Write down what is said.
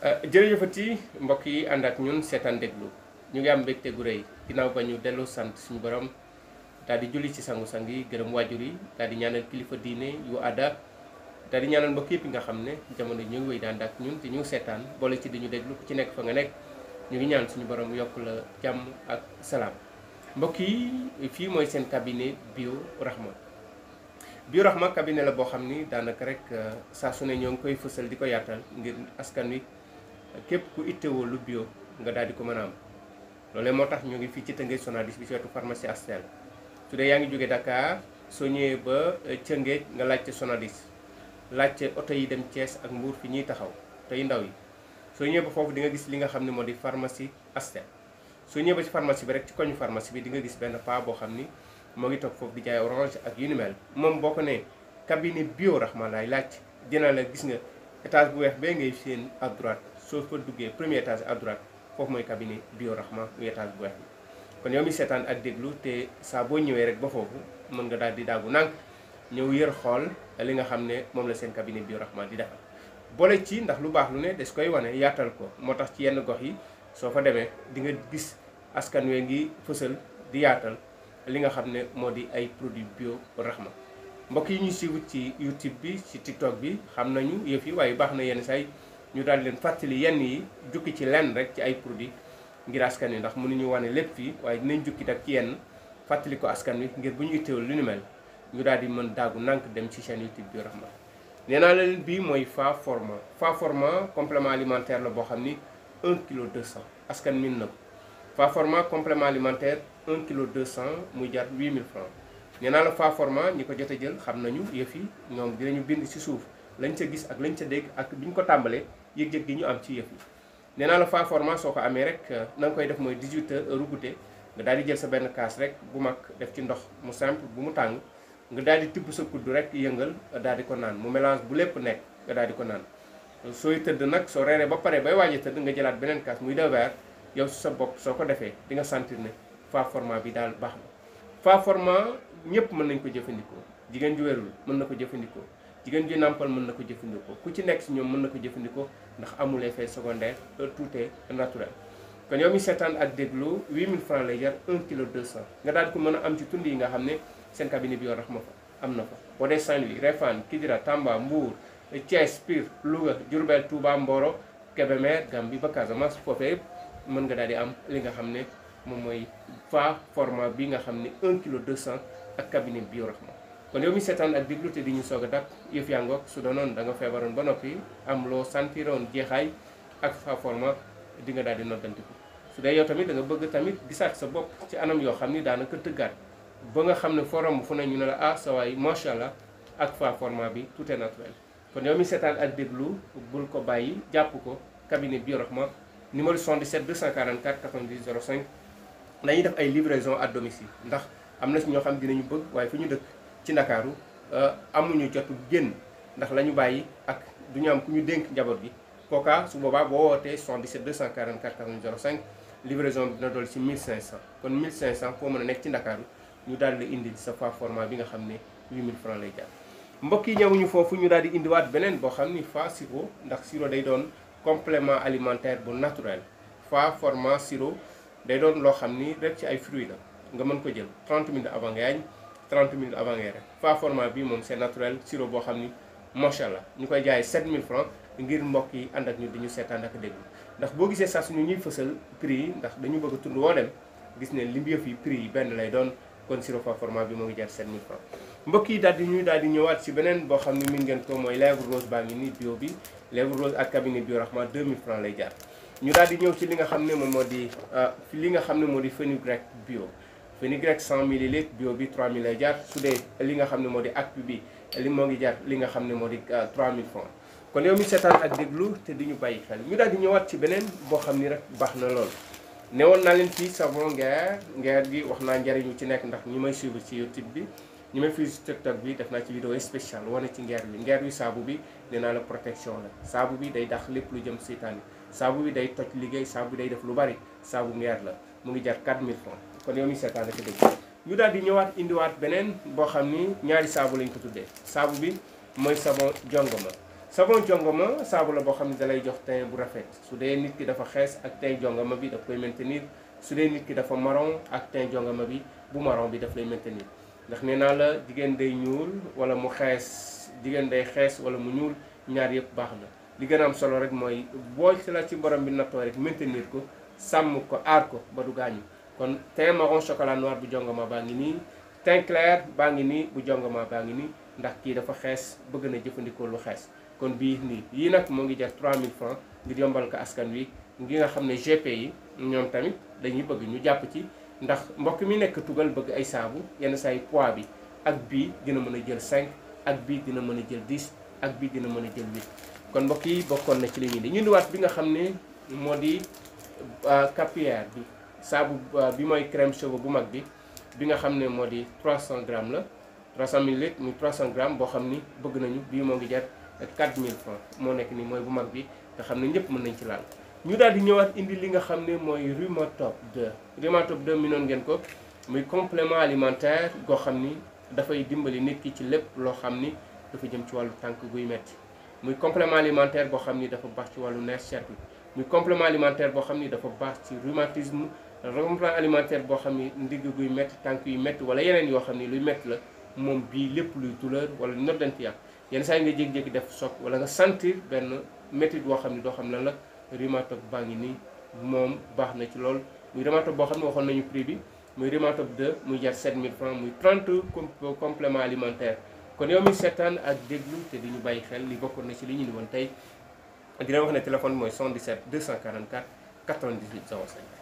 Eh, jërëjëfati mbokk yi ànd ak ñun seetaan déglu ñu ngi am mbégte gu rëy ginnaaw ba ñu dellu sant suñu borom daal di julli ci sangu-sang yi gërëm waajur yi daal di ñaanal kilifa diine yu aada daal di mbokk yëpp yi nga xam ne jamono ñu ngi wéy daan ak ñun te ñu seetaan boole ci di déglu ku ci nekk fa nga nekk ñu ngi ñaan suñu borom yokk la jàmm ak salaam mbokk yi fii mooy seen cabinet bio rahma bio rahma cabinet la boo xam ni daanaka rek eh, saa su ñoo ngi koy fësal di ko yaatal ngir askan wi. képp ku ittewoo lu bio nga daal di ko mën a am loolee moo tax ñu ngi fii ci Tëngéej Sonadis bi ci wetu pharmacie Astel su dee yaa ngi jógee Dakar soo ñëwee ba eh, Tëngéej nga laaj laajte Sonadis laajte oto yi dem Thiès ak Mbour fi ñuy taxaw te tey ndaw yi soo ñëwee ba foofu di nga gis li nga xam ne moo di pharmacie Astel soo ñëwee ba ci pharmacie bi rek ci koñu pharmacie bi di nga gis benn paa boo xam ni moo ngi toog foofu di jaay orange ak yu moom boo ko nee cabinet bio Rahma laay laaj dina la gis nga étage bu bee ngay seen à soo fa duggee premier étage à droite foofu mooy cabinet bio rahma muy étage bu weex bi kon yow mi seetaan ak déglu te saa boo ñëwee rek ba foofu mën nga daal di daagu nànk ñëw yër xool li nga xam ne moom la seen cabinet bio rahma di defal boole ci ndax lu baax lu ne des koy wane yaatal ko moo tax ci yenn gox yi soo fa demee di nga gis askan wee ngi fësal di yaatal li nga xam ne moo di ay produit bio rahma mbokk yi ñu siiwut ci youtube bi ci tiktok bi xam nañu yëf waaye baax na yenn say ñu daal leen fàttali yenn yi jukki ci lenn rek ci ay produits ngir askan wi ndax mënuñu wane lépp fii waaye dinañ jukki nag ci yenn fàttali ko askan wi ngir bu ñu itteewul lu ni mel ñu daal di mën daagu nànk dem ci chaîne YouTube bi Rahma nee naa leen bii mooy fa forma fa forma complément la boo xam ni 1 kilo cent askan min na ko fa forma complément alimentaire 1 cent mu muy jar 8000 francs nee naa la fa forma ñi ko jot jël xam nañu yëf yi dinañu bind ci suuf lañ ca gis ak lañ ca dégg ak ñu ko tàmbalee yëg-yëg gi ñu am ci yëf yi nee naa la fa format soo ko amee rek euh, na koy def mooy 18 heures heure goûter nga daal di jël sa benn kaas rek bu mag def ci ndox mu simple bu mu tàng nga daal di tibb sa kudd rek yëngal daal di ko naan mu mélange bu lépp nekk nga daal di ko naan sooy tëdd nag soo reeree ba pare bay waaje tëdd nga jëlaat beneen kaas muy deux verres yow su sa bopp soo ko defee di nga sentir ne fa format bi daal baax na fa ñëpp mën nañ ko jëfandikoo jigéen ju wérul mën na ko jëfandikoo jigéen ji nàmpal mën na ko jëfandikoo ku ci nekk si ñoom mën na ko jëfandikoo ndax amul effet secondaire euh, tout est naturel kon yow mi seetaan ak déglu 8000 francs lay jar 1 kilo 200 nga daal ko mën a am ci tund yi nga xam ne seen cabinet bi yor rax ma fa am na fa boo dee Saint-Louis Réfane Kidira Tamba Mbour Thiès Pire Louga Diourbel Touba Mboro Kébémer Gambie ba Casamance foofee yëpp mën nga daal di am li nga xam ne moom mooy fa format bi nga xam ne un kilo 200 ak cabinet bi kon yow mi seetaan ak déglu te di ñu soog a dàq yëf yaa ngoog su doonoon da nga feebaroon ba noppi am loo santiroon jeexaay ak fa forma di nga daal di noddantiku su dee yow tamit da nga bëgg tamit gisaat sa bopp ci anam yoo xam ni daanaka tëggaat ba nga xam ne forum fu ne ñu ne la ah sa waay macha allah ak fa forma bi tout est naturel kon yow mi seetaan ak déglu bul ko bàyyi jàpp ko cabinet Biorahma numéro 77 244 90 05 dañuy def ay livraison à domicile ndax am na si ñoo xam dinañu bëgg waaye fu ñu dëkk. ci ndakaaru euh, amuñu jotu génn ndax la ñu bàyyi ak du ñu am ku ñu dénk njaboot bi kooka su boobaa boo wootee 77 244 05 livraison bi dina dool ci 1500 kon 1500 foo mën a nekk ci ndakaaru ñu daal di indi sa fa format bi nga xam ne 8000 francs lay mbokk yi ñëwuñu foofu ñu daal di indiwaat beneen boo xam ni fa sirop ndax sirop day doon complément alimentaire bu naturel fa format sirop day doon loo xam ni rek ci ay fruits la nga mën ko jël 30 minutes avant nga 30 minutes avant ngay rek fa format bi moom c'est naturel sirop boo xam ni macha allah ñu koy jaayee 7000 francs ngir mbokk yi ànd ak ñu di ñu seetaan ak déglu ndax boo gisee saa suñu ñuy fësal prix yi ndax dañu bëgg a tund woo dem gis ne li mu yëf yi prix yi benn lay doon kon sirop fa format bi moo ngi jar 7000 francs mbokk yi daal di ñuy daal di ñëwaat si beneen boo xam ne min ngeen ko mooy lèvre rose baa ngi ni bio bi lèvre rose ak cabinet bio rahma 2000 francs lay jaar ñu daal di ñëw ci li nga xam ne moom moo di euh, li nga xam ne moo di fenugrec bio vinaigrette 100 ml bio bi 3000 lay jaar su dee li nga xam ne moo di ak bi li moo ngi jaar li nga xam ne moo di 3000 euh, francs kon yow mi seetaan ak déglu te di ñu bàyyi xel ñu daal di ñëwaat ci beneen boo xam ni rek baax na lool. woon naa leen fii savon ngeer ngeer gi wax naa njariñu ci nekk ndax ñi may suivre ci youtube bi ñu may fii ci bi def naa ci vidéo spéciale wane ci ngeer bi ngeer bi saabu bi ne naa la protection la saabu bi day dax lépp lu jëm seytaane saabu bi day toj liggéey saabu day def lu bari saabu ngeer la mu ngi jar 4000 francs kon yow mi seetaan dafa dégg lu daal di ñëwaat indiwaat beneen boo xam ni ñaari saabu lañ ko tuddee saabu bi mooy savon jongama savon jongama saabu la boo xam ne dalay jox teint bu rafet su dee nit ki dafa xees ak teint jongama bi daf koy maintenir su dee nit ki dafa maron ak teint jongama bi bu marron bi daf lay maintenir ndax nee naa la jigéen day ñuul wala mu xees jigéen day xees wala mu ñuul ñaar yëpp baax na li gën a am solo rek mooy boo ci la ci borom bi nattoo rek maintenir ko sàmm ko aar ko ba du gaañu kon teint marron chocolat noir bu jongoma baa ngi nii teint baa ngi nii bu jongoma baa ngi nii ndax kii dafa xees bëgg na jëfandikoo lu xees kon bii nii yii nag moo ngi jar 3000 francs ngir yombal ko askan wi ngi nga xam ne GP yi ñoom tamit dañuy bëgg ñu jàpp ci ndax mbokk mi nekk tugal bëgg ay saabu yenn saa yi poids bi ak bii dina mën a jël 5 ak bii dina mën a jël 10 ak bii dina mën a jël 8 kon mbokk yi bokkoon na ci li ñuy di ñu di waat bi nga xam ne moo di euh, capillaire bi saabu euh, bi mooy crème cheveux bu mag bi bi nga xam ne moo di 300 grammes la 300 ml muy 300 grammes boo xam ni bëgg nañu bii moo ngi jar 4000 francs moo nekk ni mooy bu mag bi nga xam ne ñëpp mën nañ ci laal ñu daal di ñëwaat indi li nga xam ne mooy Rhumatop 2 Rhumatop 2 mi noon ngeen ko muy complement alimentaire goo xam ni dafay dimbali nit ki ci lépp loo xam ni dafa jëm ci wàllu tànk guy metti muy complement alimentaire boo xam ni dafa baax ci wàllu nerf cher bi muy xam ni réglement plan alimentaire boo xam ni ndigg guy métti tànk yu métti wala yeneen yoo xam ni luy métti la moom bii lépp luy douleur wala noddanti yàq yenn saa yi nga jeg jékki def soog wala nga sentir benn métti boo xam ni doo xam lan la rhumatop baa ngi nii moom baax na ci lool muy rhumatop boo xam ne waxoon nañu prix bi muy rhumatop 2 muy jar 7000 francs muy 30 complément alimentaire kon yow mi seetaan ak déglu te di ñu bàyyi xel li bokkoon na ci li ñu ni woon tey dina wax ne téléphone mooy 77 244 98 05